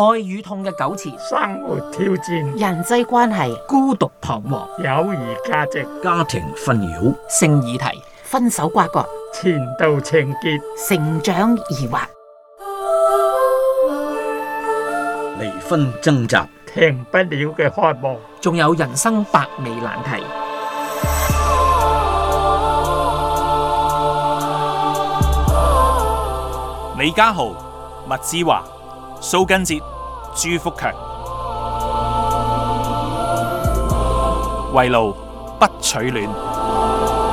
愛與痛嘅糾纏，生活挑戰，人際關係，孤獨彷徨，友誼價值，家庭紛擾，性議題，分手瓜葛，前度情結，成長疑惑，離婚掙扎，停不了嘅渴望，仲有人生百味難題。李家豪，麥子華。掃根哲》朱福強，圍爐 不取暖。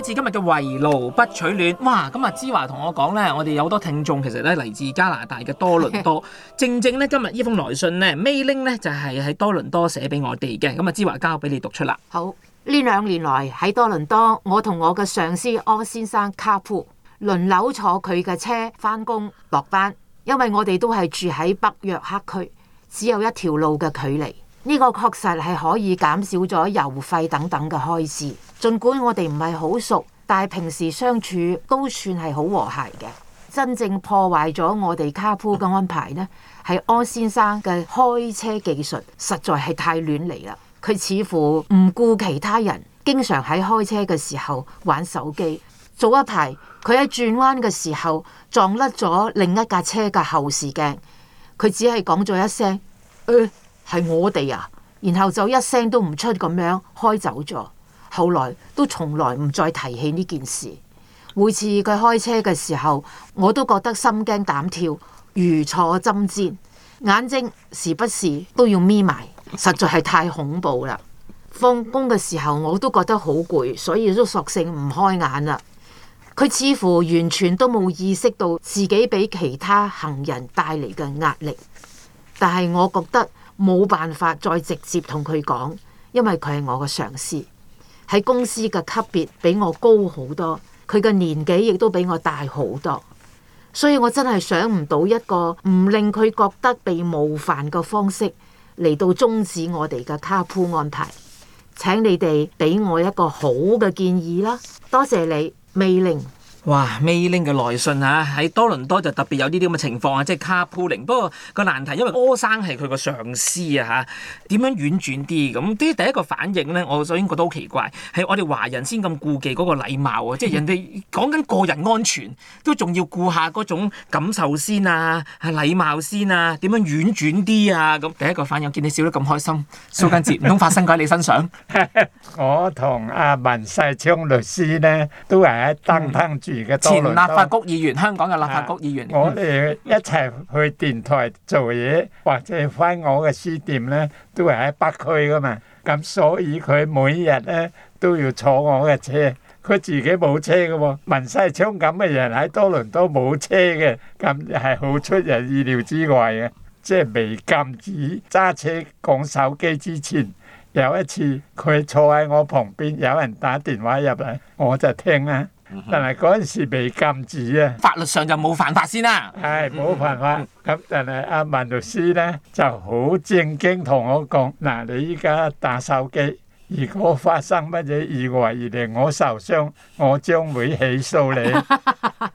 開始今日嘅圍爐不取暖。哇！今、嗯、日芝華同我講呢，我哋有好多聽眾其實咧嚟自加拿大嘅多倫多。 正正呢，今日呢封來信咧，Mei-ling 呢就係、是、喺多倫多寫俾我哋嘅。咁、嗯、啊，芝華交俾你讀出啦。好，呢兩年來喺多倫多，我同我嘅上司柯先生 carpool 輪流坐佢嘅車返工落班，因為我哋都係住喺北約克區，只有一條路嘅距離。呢、這個確實係可以減少咗油費等等嘅開支。儘管我哋唔係好熟，但係平時相處都算係好和諧嘅。真正破壞咗我哋 carpool 嘅安排呢，係柯先生嘅開車技術實在係太亂嚟啦。佢似乎唔顧其他人，經常喺開車嘅時候玩手機，早一排佢喺轉彎嘅時候撞甩咗另一架車嘅後視鏡，佢只係講咗一聲，誒、欸，係我哋啊！然後就一聲都唔出咁樣開走咗。後來都從來唔再提起呢件事。每次佢開車嘅時候，我都覺得心驚膽跳、如坐針氈，眼睛時不時都要眯埋，實在係太恐怖啦。放工嘅時候，我都覺得好攰，所以都索性唔開眼啦。佢似乎完全都冇意識到自己俾其他行人帶嚟嘅壓力，但係我覺得冇辦法再直接同佢講，因為佢係我嘅上司，喺公司嘅級別比我高好多，佢嘅年紀亦都比我大好多，所以我真係想唔到一個唔令佢覺得被冒犯嘅方式嚟到終止我哋嘅 carpool 安排，請你哋俾我一個好嘅建議啦，多謝你，美玲。哇，Mei-ling 嘅來信啊，喺多倫多就特別有呢啲咁嘅情況啊，即係 carpooling，不過個難題，因為柯生係佢個上司啊嚇，點樣婉轉啲咁？啲第一個反應咧，我首先覺得好奇怪，係我哋華人先咁顧忌嗰個禮貌啊，嗯、即係人哋講緊個人安全，都仲要顧下嗰種感受先啊，係禮貌先啊，點樣婉轉啲啊咁？第一個反應，見你笑得咁開心，蘇根治唔通發生喺你身上？ 我同阿、啊、文世昌律師咧，都係喺登登住。 前立法局議員，香港嘅立法局議員，啊、我哋一齊去電台做嘢，或者返我嘅書店呢，都係喺北區㗎嘛。咁所以佢每日呢都要坐我嘅車，佢自己冇車嘅喎。文世昌咁嘅人喺多倫多冇車嘅，咁係好出人意料之外嘅。即係未禁止揸車講手機之前，有一次佢坐喺我旁邊，有人打電話入嚟，我就聽啦、啊。但係嗰陣時被禁止啊，法律上就冇犯法先啦、啊。係冇、哎、犯法，咁、嗯嗯、但係阿曼律師咧就好正經同我講：嗱、嗯啊，你依家打手機，如果發生乜嘢意外而令我受傷，我將會起訴你。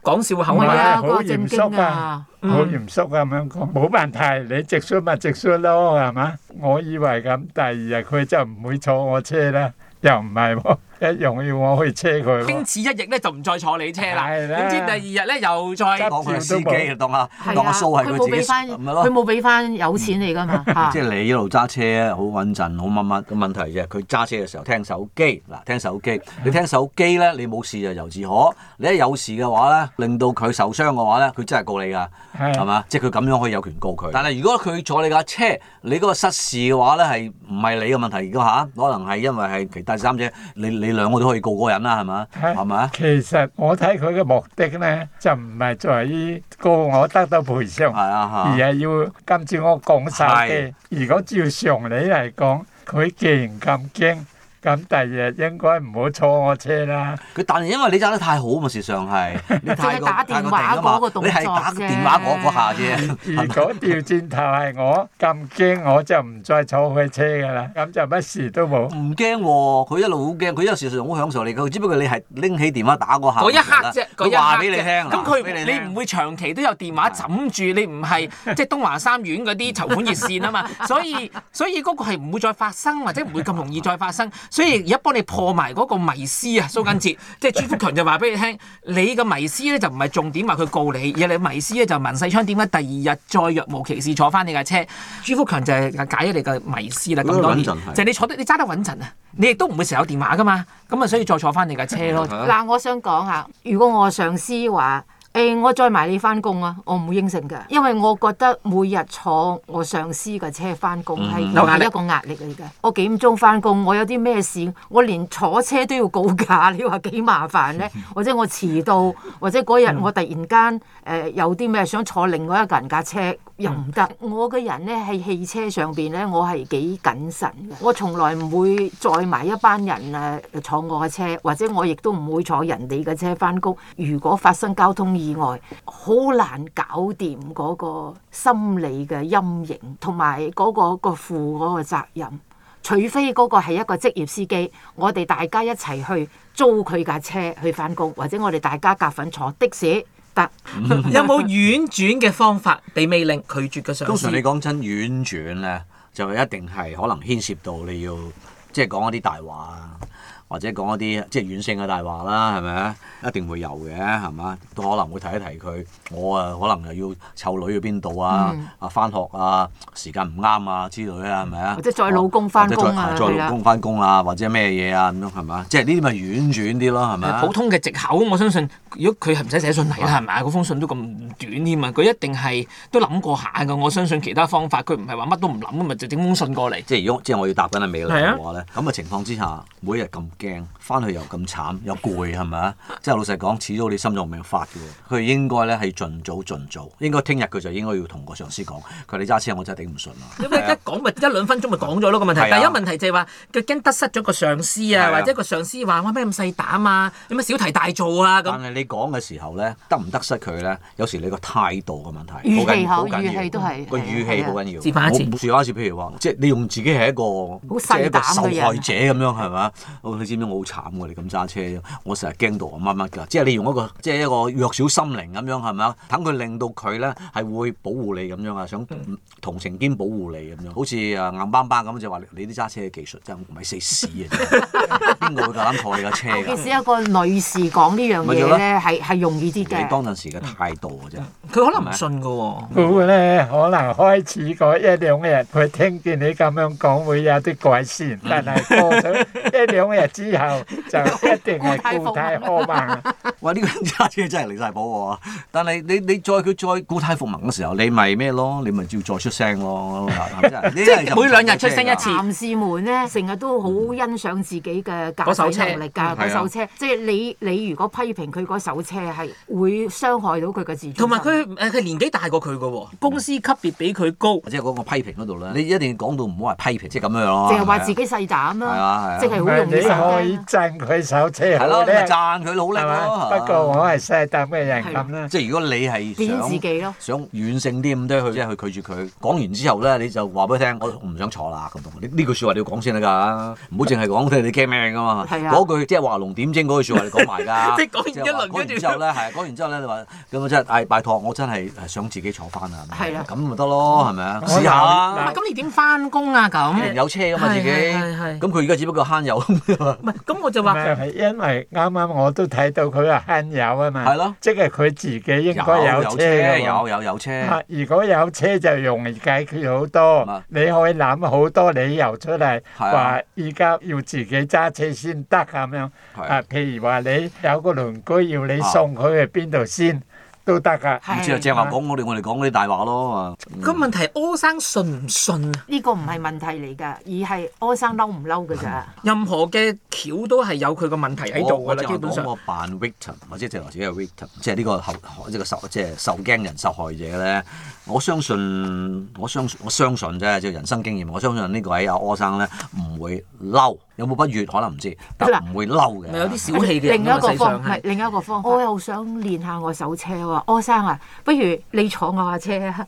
講笑口會是啊，好嚴肅啊，好嚴肅啊咁樣講。冇問題，你直率咪直率咯，係嘛？我以為咁，第二日佢就唔會坐我車啦，又唔係喎。一樣要我可以車佢，經此一役咧就唔再坐你車啦。點的知第二日咧又再，當佢係司機啊，當啊的！個數係佢自己，佢冇俾翻有錢你㗎嘛？嗯、 即係你一路揸車好穩陣，好乜乜。個問題係嘅，佢揸車嘅時候聽手機，嗱聽手機。你聽手機咧，你冇事就由自可。你一有事嘅話咧，令到佢受傷嘅話咧，佢真係告你㗎，係嘛？的即係佢咁樣可以有權告佢。但係如果佢坐你架車，你嗰個失事嘅話咧，係唔係你嘅問題？如果吓，可能係因為係其他第三者，你你。你你兩個都可以告個人啦，係咪？係咪？其實我睇佢嘅目的咧，就唔係在於告我得到賠償， 而係要今次我講晒嘅。 如果照常理嚟講，佢既然咁驚。咁第二日應該唔好坐我車啦。佢但係因為你揸得太好嘛，事實上係。你係打電話嗰個動作啫。如果掉轉頭係我咁驚，我就唔再坐佢車噶啦。咁就乜事都冇。唔驚喎，佢一路好驚，佢有時常好享受你嘅。只不過你係拎起電話打嗰下啫，話俾你聽。咁佢你唔會長期都有電話枕住，你唔係即係東華三院嗰啲籌款熱線啊嘛。所以所以嗰個係唔會再發生，或者唔會咁容易再發生。所以而家幫你破埋嗰個迷思啊，蘇根哲，即係朱福強就話俾你聽，你個迷思咧就唔係重點，話佢告你，而係你迷思咧就文世昌點解第二日再若無其事坐翻你架車？朱福強就係解咗你個迷思啦。咁當然就係你坐得你揸得穩陣啊，你亦都唔會成日有電話噶嘛，咁啊所以再坐翻你架車咯。嗱、啊，我想講下，如果我上司話。誒、欸，我載埋你翻工啊！我唔會應承㗎，因為我覺得每日坐我上司嘅車翻工係一個壓力嚟嘅。嗯、我幾點鐘翻工？我有啲咩事？我連坐車都要告假，你話幾麻煩咧？ 或者我遲到，或者嗰日我突然間誒、呃、有啲咩想坐另外一個人架車。又唔得，我個人咧喺汽車上邊咧，我係幾謹慎嘅。我從來唔會載埋一班人啊坐我嘅車，或者我亦都唔會坐人哋嘅車返工。如果發生交通意外，好難搞掂嗰個心理嘅陰影同埋嗰個個負嗰個責任。除非嗰個係一個職業司機，我哋大家一齊去租佢架車去返工，或者我哋大家夾份坐的士。嗯、 有冇婉轉嘅方法俾命令拒絕嘅上司？通常你講真婉轉咧，就一定係可能牽涉到你要即係講一啲大話啊，或者講一啲即係軟性嘅大話啦，係咪啊？一定會有嘅，係嘛？都可能會提一提佢，我啊可能又要湊女去邊度啊，啊，翻、嗯、學啊，時間唔啱啊之類啊，係咪啊？或者再老公翻工啊，或者再、啊、再老公翻工啊，吧或者咩嘢啊咁樣，係嘛？即係呢啲咪婉轉啲咯，係、就、咪、是？普通嘅借口，我相信。如果佢係唔使寫信嚟啦，係咪啊？嗰封信都咁短添嘛，佢一定係都諗過下嘅，我相信其他方法，佢唔係話乜都唔諗嘅嘛，就整封信過嚟。即係如果即係我要答緊係 Mei-ling 嘅話咧，咁嘅、啊、情況之下，每日咁驚，翻去又咁慘，又攰係咪啊？即係老實講，始終你心臟病發嘅。佢應該咧係盡早盡早，應該聽日佢就應該要同個上司講，佢，你揸車我真係頂唔順啦。因為、啊 啊、一講咪一兩分鐘咪講咗咯個問題，啊啊、第一有問題就係話佢驚得失咗個上司啊，啊啊或者個上司話我咩咁細膽啊，有乜小題大做啊咁。你講嘅時候咧，得唔得失佢咧？有時你個態度嘅問題，語氣好緊要，個語氣好緊要。我唔譬如話，即係你用自己係一個好細膽嘅受害者咁樣係嘛？你知唔知我好慘㗎？你咁揸車，我成日驚到我乜乜㗎。即係你用一個即係一個弱小心靈咁樣係嘛？等佢令到佢咧係會保護你咁樣啊，想同情兼保護你咁樣。好似誒硬邦邦咁就話你啲揸車嘅技術真係唔係死屎啊！邊個會敢坐你架車㗎？特別係一個女士講呢樣嘢係係容易啲嘅。你當陣時嘅態度啫，佢可能唔信嘅喎。咁咧，可能開始嗰一兩日，佢聽見你咁樣講，會有啲改善。但係過咗一兩日之後，就一定係固態復萌。哇！呢個揸車真係離曬譜喎。但係你你再佢再固態復萌嘅時候，你咪咩咯？你咪照再出聲咯。即係每兩日出聲一次。男士們咧，成日都好欣賞自己嘅駕駛能力㗎，駕駛車。即係你你如果批評佢嗰。手車係會傷害到佢嘅自尊同埋佢，誒佢年紀大過佢嘅喎，公司級別比佢高，即係講個批評嗰度啦。你一定要講到唔好話批評，即係咁樣咯。淨係話自己細膽啦，即係好勇猛。你可以讚佢手車，你讚佢努力啊。不過我係細膽嘅，有人噉啦。即係如果你係自己咯，想軟性啲咁多，即係去拒絕佢。講完之後咧，你就話俾佢聽，我唔想坐啦咁樣。呢呢句説話你要講先得㗎，唔好淨係講睇你驚命㗎嘛。嗰句即係畫龍點睛嗰句説話，你講埋㗎。你講講完之後咧，係講完之後咧，你話咁啊真係，哎，拜託我真係想自己坐翻啊，係咪？係啊，咁咪得咯，係咪啊？試下咁你點翻工啊？咁有車噶嘛自己，咁佢而家只不過慳油。咁我就話就係因為啱啱我都睇到佢啊慳油啊嘛。係咯，即係佢自己應該有車，有有有車。如果有車就容易解決好多，你可以諗好多理由出嚟，話而家要自己揸車先得咁樣。啊。譬如話你有個鄰居要。啊、你送佢去邊度先都得噶、啊，咁就、啊、正話講我哋，我哋講嗰啲大話咯嘛。個問題柯生信唔信啊？呢個唔係問題嚟㗎，而係柯生嬲唔嬲㗎咋？任何嘅橋都係有佢個問題喺度㗎啦，基本上。我扮 victim 或者直頭自己係 victim，即係呢個受即係受驚人、受害者咧。我相信，我相信，我相信啫，即係人生經驗。我相信呢個喺阿柯生咧唔會嬲。有冇不悅可能唔知，但唔會嬲嘅。係咪有啲小氣嘅？另一個方，另一個方，我又想練下我手車喎。柯生啊，不如你坐我架車啊。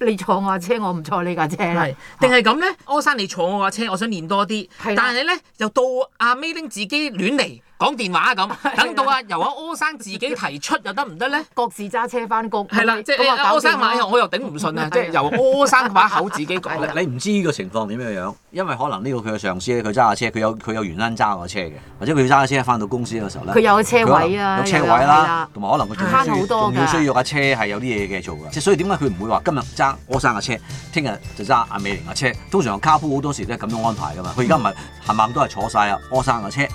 你坐我架車，我唔坐你架車。係，定係咁咧？柯生你坐我架車，我想練多啲。係的，但係咧又到阿 Mei-ling 自己亂嚟。講電話咁，等到啊由阿柯生自己提出又得唔得咧？各自揸車返工。係啦的，即係阿柯生話，我又我頂唔順啊！即係的由柯生把口自己講。 的你唔知依個情況點樣樣，因為可能呢個佢嘅上司咧，佢揸下車，佢有佢有原因揸個車嘅，或者佢要揸下車返到公司嘅時候咧，佢有個車位啊，有車位啦，同埋可能佢仲要需要架車係有啲嘢嘅做嘅，即係所以點解佢唔會話今日揸柯生嘅車，聽日就揸阿美玲嘅車？通常 carpool 好多時都係咁樣安排㗎嘛，佢而家唔係冚唪唥都係坐晒阿柯生嘅車。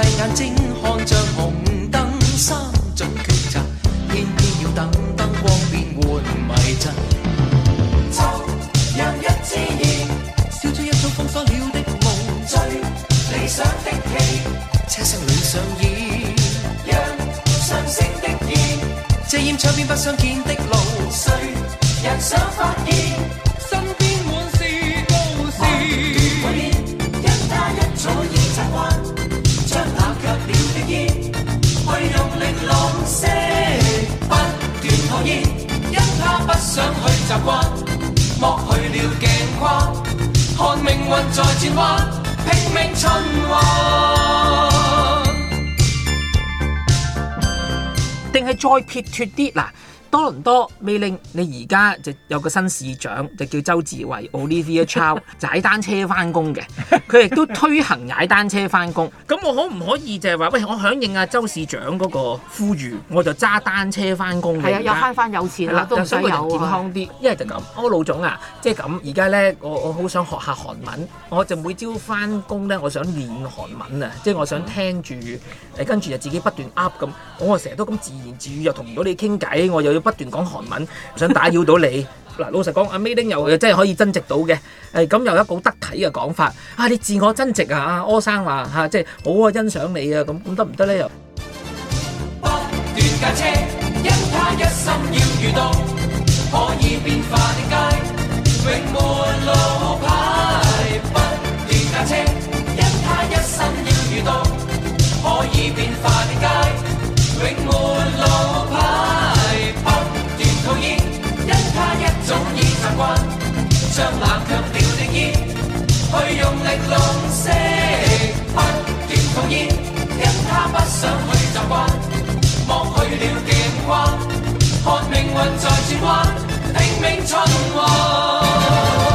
大眼睛看着紅燈，三種抉擇，偏偏要等燈光變換迷陣。奏讓一支煙，燒出一種封鎖了的夢。最理想的戲，車廂裏上演。讓上升的煙，遮掩窗邊不想見的路。誰人想發現？想去習慣去了鏡框，看命運在轉彎，拼命循環，定係再撇脱啲嗱。多倫多 Mei-ling，你而家就有個新市長就叫周志偉 Olivia Chow，就踩單車翻工嘅，佢亦都推行踩單車翻工。咁 我可唔可以就係話，喂，我響應阿周市長嗰個呼籲，我就揸單車翻工嘅。係啊，又慳翻油錢啦，啊、都比較健康啲。啊、一係就咁，我老總啊，即係咁，而家咧，我我好想學下韓文，我就每朝翻工咧，我想練韓文啊，即係我想聽住，誒跟住就自己不斷噏咁，我成日都咁自言自語，又同唔到你傾偈，我就。不斷講韓文，想打擾到你嗱。老實講，阿 Mei-ling 又真係可以增值到嘅，係咁又一個得體嘅講法啊！你自我增值啊，柯生話吓，即係好啊，欣賞你啊，咁咁得唔得咧又？想去習慣，莫去了記掛，看命運在轉彎，拼命循環。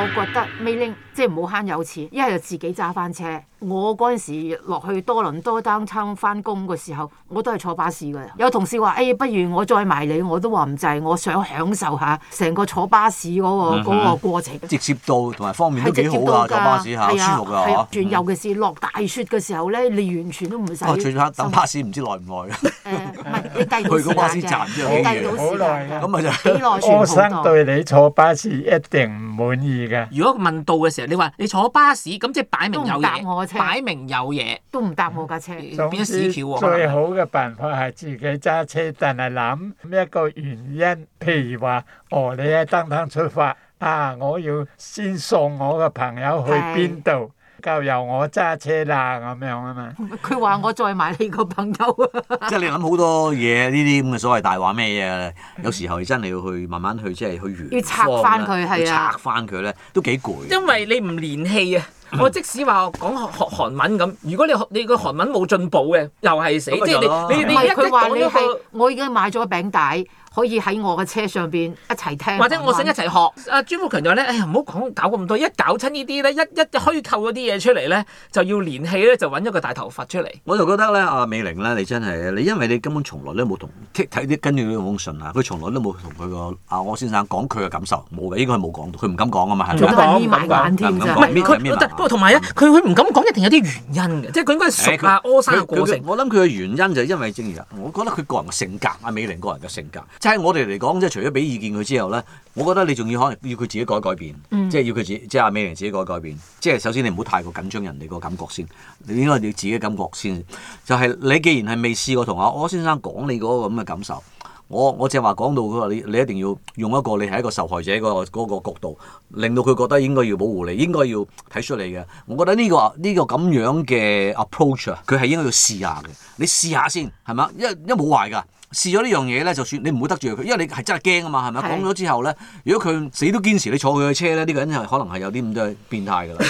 我覺得未拎即係唔好慳有錢，一係就自己揸翻車。我嗰陣時落去多倫多 downtown 翻工嘅時候，我都係坐巴士㗎。有同事話：，誒、欸，不如我載埋你，我都話唔制。我想享受下成個坐巴士嗰個嗰個過程、嗯。直接到同埋方便都幾好啊！直接到坐巴士嚇、啊、舒服㗎，嗬、啊。尤其係落大雪嘅時候咧，你完全都唔會使。哦，最憎等巴士唔知耐唔耐啊！誒，唔係你計時間嘅，你計到時間。 時間好耐啊！柯、就是、生對你坐巴士一定唔滿意。如果問到嘅時候，你話你坐巴士，咁即係擺明有嘢，擺明有嘢都唔搭我架車。最好嘅辦法係自己揸車，但係諗一個原因，譬如話，哦，你喺等等出發啊，我要先送我嘅朋友去邊度。教由我揸車啦，咁樣啊嘛。佢話我再買你個朋友，嗯。即係 你諗好多嘢，呢啲咁嘅所謂大話咩嘢？有時候你真係要去慢慢去，即、就、係、是、去圓。要拆翻佢係啊！拆翻佢咧，都幾攰。因為你唔連氣啊！嗯、我即使話講學韓文咁，如果你學你個韓文冇進步嘅，又係死。嗯、即係你，你你佢話 你係，我已經買咗餅帶。可以喺我嘅車上邊一齊聽，或者我想一齊學。阿、啊、朱富強就咧，哎呀，唔好講搞咁多，一搞親呢啲咧，一一虛構嗰啲嘢出嚟咧，就要連戲咧，就揾咗個大頭佛出嚟。我就覺得咧，阿美玲咧，你真係你因為你根本從來都冇同睇啲跟住呢封信啊，佢從來都冇同佢個阿柯先生講佢嘅感受，冇嘅，應該係冇講到，佢唔敢講啊嘛，係咪？仲講添啊？唔係佢，但係同埋啊，佢佢唔敢講一定有啲原因嘅，即係佢應該阿柯生嘅過程。我諗佢嘅原因就係因為正如我覺得佢個人嘅性格，阿美玲個人嘅性格。即係我哋嚟講，即係除咗俾意見佢之後咧，我覺得你仲要可能要佢自己改改變，即係要佢自即係阿美玲自己改改變。即係首先你唔好太過緊張人哋個感覺先，你應該要自己感覺先。就係你既然係未試過同阿柯先生講你嗰個咁嘅感受，我我淨係話講到佢話你你一定要用一個你係一個受害者個嗰個角度，令到佢覺得應該要保護你，應該要睇出嚟嘅。我覺得呢個呢個咁樣嘅 approach，佢係應該要試下嘅。你試下先，係咪？因為因為冇壞噶。試咗呢樣嘢咧，就算你唔會得罪佢，因為你係真係驚啊嘛，係咪？講咗是之後咧，如果佢死都堅持你坐佢嘅車咧，呢、呢個人係可能係有啲咁多變態㗎啦，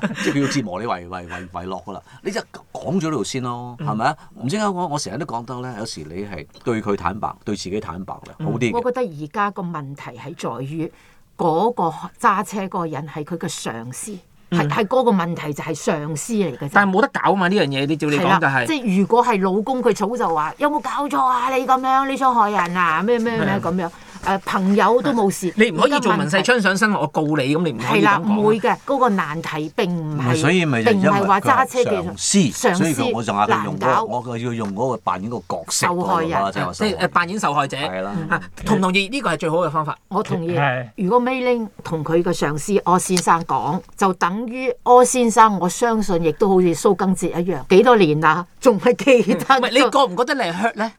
係咪 即係佢要折磨你為為為為樂㗎啦，你即係講咗呢度先咯，係咪啊？唔知點解，我成日都講得咧，有時你係對佢坦白，對自己坦白嘅，好啲、嗯。我覺得而家個問題係在於嗰個揸車嗰個人係佢嘅上司。係係嗰個問題就係上司嚟嘅，啫，但係冇得搞嘛呢樣嘢，你照你講就係、是。即係如果係老公佢早就話，有冇搞錯啊你咁樣，你想害人啊咩咩咩咁樣。誒朋友都冇事，你唔可以做文世昌上身，我告你咁，你唔可以咁講。係啦，唔會嘅嗰個難題並唔係，並唔係話揸車技術，上司，所以佢我就話佢用嗰，我佢要用嗰個扮演個角色，受害人即係扮演受害者。係啦，同唔同意呢個係最好嘅方法？我同意。如果 Mei-ling 同佢嘅上司柯先生講，就等於柯先生，我相信亦都好似蘇更哲一樣，幾多年啦，仲係記得。唔係你覺唔覺得你係 hurt 咧？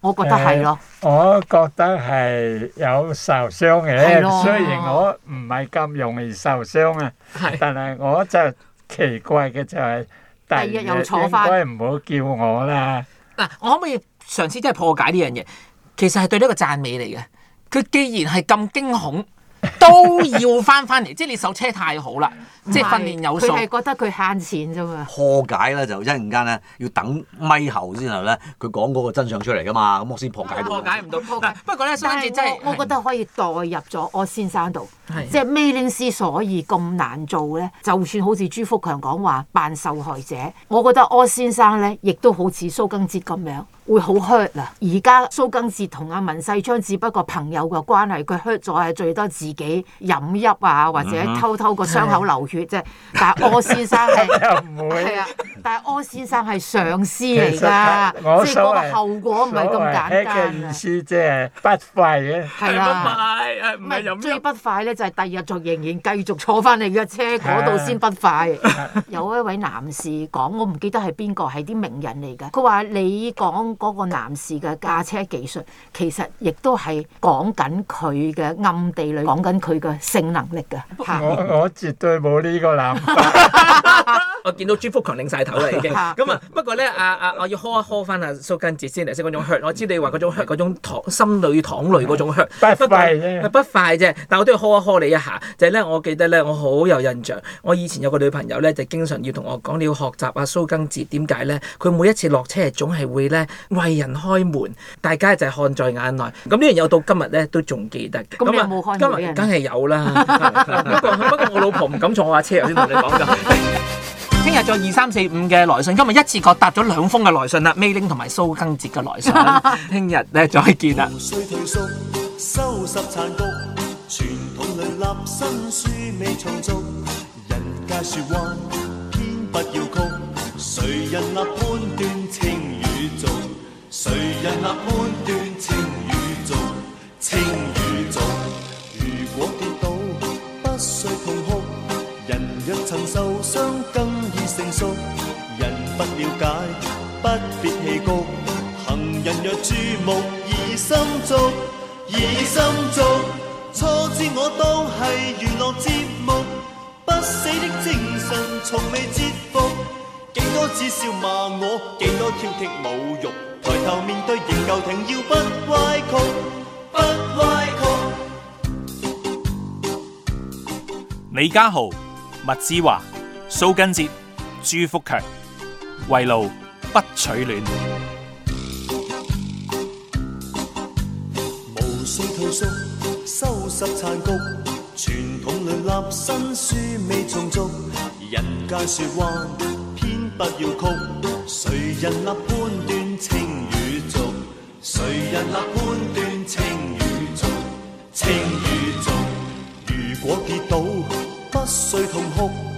我覺得係咯、呃，我覺得係有受傷嘅。咯雖然我唔係咁容易受傷啊，係但係我就奇怪嘅就係、係，第日應該唔好叫我啦。嗱、啊，我可唔可以嘗試真係破解呢樣嘢？其實係對呢個讚美嚟嘅。佢既然係咁驚恐。 都要翻翻嚟，即係你手車太好啦，即係訓練有素。佢係覺得佢慳錢啫嘛。破解咧就一陣間咧要等咪喉先係咧，佢講嗰個真相出嚟噶嘛，咁我先破解、啊。破解唔到、啊，破解。不過咧，單字真係，我，是我覺得可以代入咗柯先生度，的即係 Mei-ling 所以咁難做咧，就算好似朱福強講話扮受害者，我覺得柯先生咧亦都好似蘇更哲咁樣。會好 hurt 啊！而家蘇更治同阿文世昌只不過朋友嘅關係，佢 hurt 咗係最多自己飲泣啊，或者偷偷個傷口流血啫。但係柯先生係，唔會，係啊！ 但係柯先生係上司嚟㗎，即係嗰個後果唔係咁簡單意思啊。黐線啫，不快嘅係啊，唔係唔係有咩？最不快咧就係第二日就仍然繼續坐翻嚟嘅車嗰度先不快。 有一位男士講，我唔記得係邊個，係啲名人嚟㗎。佢話你講。嗰個男士嘅駕車技術，其實亦都係講緊佢嘅暗地裏，講緊佢嘅性能力㗎。我我絕對冇呢個諗法。 我見到朱福強擰晒頭啦，已經咁啊！不過咧，阿、啊、阿我要呵一呵翻阿蘇根節先嚟，食嗰種向，我知你話嗰種向，嗰種糖心裏糖淚嗰種向快，不快啫，不快啫。但我都要呵一呵你一下，就係、是、咧，我記得咧，我好有印象。我以前有個女朋友咧，就經常要同我講你要學習啊蘇根節點解咧？佢每一次落車總係會咧為人開門，大家就係看在眼內。咁呢樣又到今日咧都仲記得。咁你有冇開門？今日梗係有啦 不過，不過我老婆唔敢坐我車，頭先同你講就。 聽日再二三四五嘅來信，今日一次過答咗兩封嘅來信啦，Mei-ling 同埋蘇更捷嘅來信。聽日咧再見啦。了解，不必氣谷。行人若注目，已心足，已心足。初知我都係娛樂節目，不死的精神從未折服。幾多指少，罵我，幾多挑剔侮辱，抬頭面對仍舊停要不彎曲，不彎曲。李家豪、麥志華、蘇根哲、朱福強。圍爐不取暖，無須退縮，收拾殘局。傳統倫理新書未重讀，人間說話偏不要曲。誰人立判斷情與俗？誰人立判斷情與俗？情與俗， 如果跌倒不需痛哭。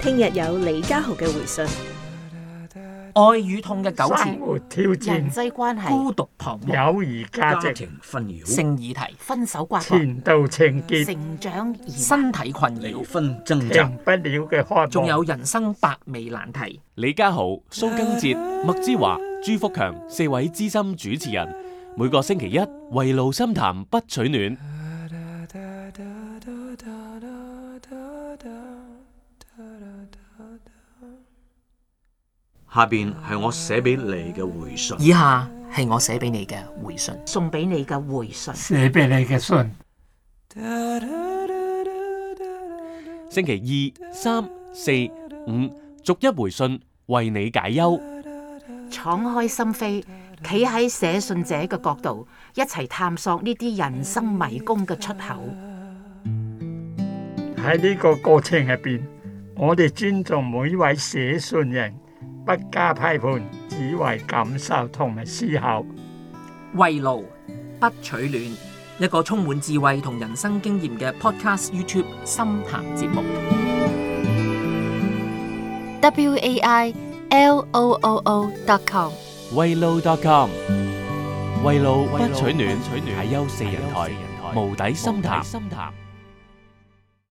聽日有李家豪嘅回信，愛與痛嘅糾纏，人際關係孤獨彷徨，友誼價值紛擾，性議題分手關，前度情結，成長身體困擾，分掙扎，仲有人生百味難題。李家豪、蘇根哲、麥之華、朱福強四位資深主持人，每個星期一圍爐深談，不取暖。下邊係我寫俾你嘅回信。以下係我寫俾你嘅回信，送俾你嘅回信，寫俾你嘅信。星期二、三、四、五，逐一回信，為你解憂，敞開心扉，企喺寫信者嘅角度，一齊探索呢啲人生迷宮嘅出口。喺呢個過程入邊，我哋尊重每一位寫信人。不加批判，只為感受同埋思考。圍爐不取暖，一個充滿智慧同人生經驗嘅 podcast YouTube 深談節目。w a i l o o o dot com 圍爐 dot com 圍爐不取暖，大優四人台無底深潭。